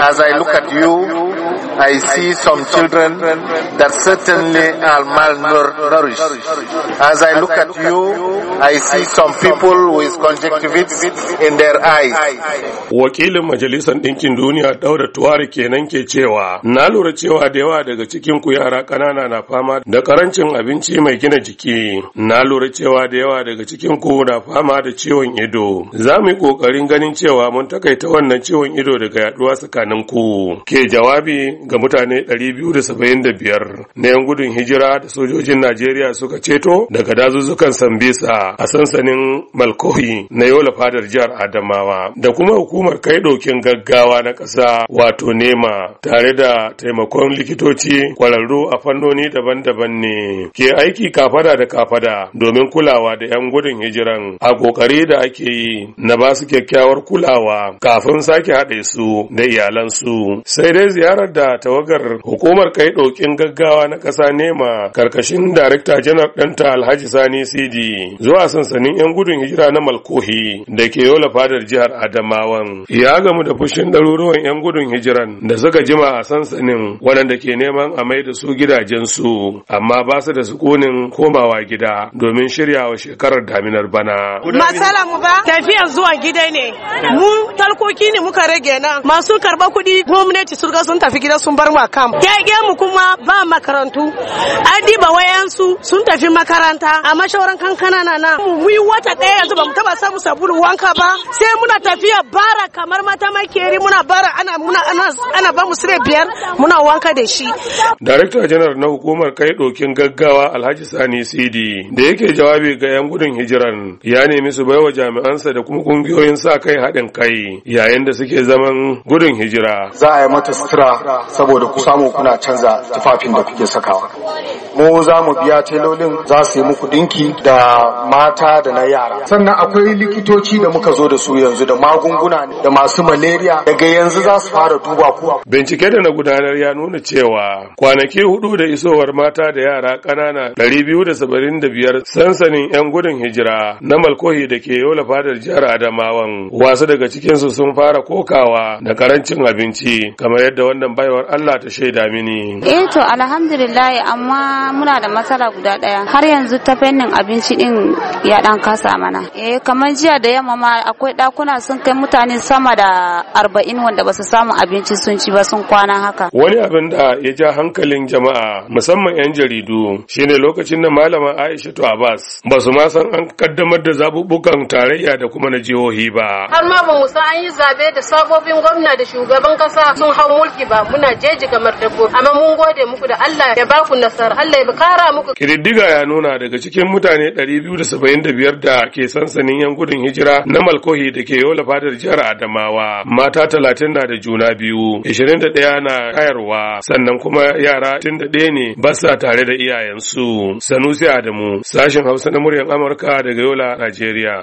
As I look at you, I see some children that certainly are malnourished. As I look at you, I see some people with conjunctivitis in their eyes. Wakilin Majalisar Ɗinkin Duniya Daura Tuwari kenan ke cewa, na lura cewa da yawa daga cikin ku yara ƙanana na fama da karancin abinci mai gina jiki. Na lura cewa da yawa daga cikin ku na fama da ciwon ido. Za mu yi ƙoƙarin ganin cewa mun takaita wannan ciwon ido daga Yaɗuwa tsakanin ku. Ke jawabi ga mutane 275 na 'yan gudun hijira da sojojin Najeriya suka ceto daga dazuzzukan Sambisa a sansanin Malkohi na Yola fadar jihar Adamawa da kuma hukumar kai ɗokin gaggawa na ƙasa wato nema tare da taimakon likitoci kwararru a fannoni daban-daban ne ke aiki kafada da kafada domin kulawa da 'yan gudun hijiran a kokari da ake yi na ba su kyakkyawar kulawa kafin sake haɗe su da iyalansu sai dai ziyarar kaddamar da tawagar hukumar kai dokin gaggawa na ƙasa nema karkashin darakta janar ɗanta alhaji sani sidi zuwa sansanin 'yan gudun hijira na malkohi da ke yola fadar jihar adamawan ya gamu da fushin ɗaruruwan 'yan gudun hijiran da suka jima a sansanin waɗanda ke neman a mai da su gidajensu amma ba su da sukunin komawa gida domin shiryawa shekarar daminar bana. matsala mu ba tafiya zuwa gida ne mu talkoki ne muka rage nan masu karɓar kuɗi gwamnati sun sun tafi tafi gidan sun bar mu a kam. Ke mu kuma ba makarantu. An diba wayansu sun tafi makaranta a mashauran kankana na na mu yi wata ɗaya yanzu ba mu taba samu sabulu wanka ba sai muna tafiya bara kamar mata makeri muna bara ana muna ana ana ba mu sire biyar muna wanka da shi Director General na hukumar kai dokin gaggawa Alhaji Sani Sidi da yake jawabi ga yan gudun hijiran ya nemi su baiwa jami'ansa da kuma kungiyoyin sa kai haɗin kai yayin da suke zaman gudun hijira za a yi mata sutura saboda ku samu kuna canza tufafin da kuke sakawa mu za mu biya telolin za su yi muku ɗinki da mata da na yara sannan akwai likitoci da muka zo da su yanzu da magunguna da masu malaria daga yanzu za su fara duba kuwa bincike da na gudanar ya nuna cewa kwanaki hudu da isowar mata da yara ƙanana biyar sansanin 'yan gudun hijira na malkohi da ke yola fadar jihar adamawan wasu daga cikin su sun fara kokawa da karancin abinci kamar yadda wannan baiwar allah ta shaida mini eh to alhamdulillah amma muna da matsala guda ɗaya har yanzu ta fannin abinci din ya dan kasa mana eh kamar jiya da yamma ma akwai ɗakuna sun kai mutane sama da arba'in wanda ba su samu abinci sun ci ba sun kwana haka wani abin da ya ja hankalin jama'a musamman 'yan jaridu shine lokacin da malama aisha to abbas ba su ma san an kaddamar da zabubukan tarayya da kuma na jihohi ba har ma ba mu an yi zabe da sabobin gwamna da shugaban kasa sun hau mulki ba muna jeji kamar dabbobi amma mun gode muku da Allah ya baku nasara Allah Allah ya kara muku. Kididdiga ya nuna daga cikin mutane 275 da ke sansanin yan gudun hijira na Malkohi da ke yola fadar jihar Adamawa, mata 30 na da juna biyu, 21 na kayarwa, sannan kuma yara 31 ne ba sa tare da iyayensu. Sanusi Adamu, sashen Hausa na muryar Amurka daga Yola, Najeriya.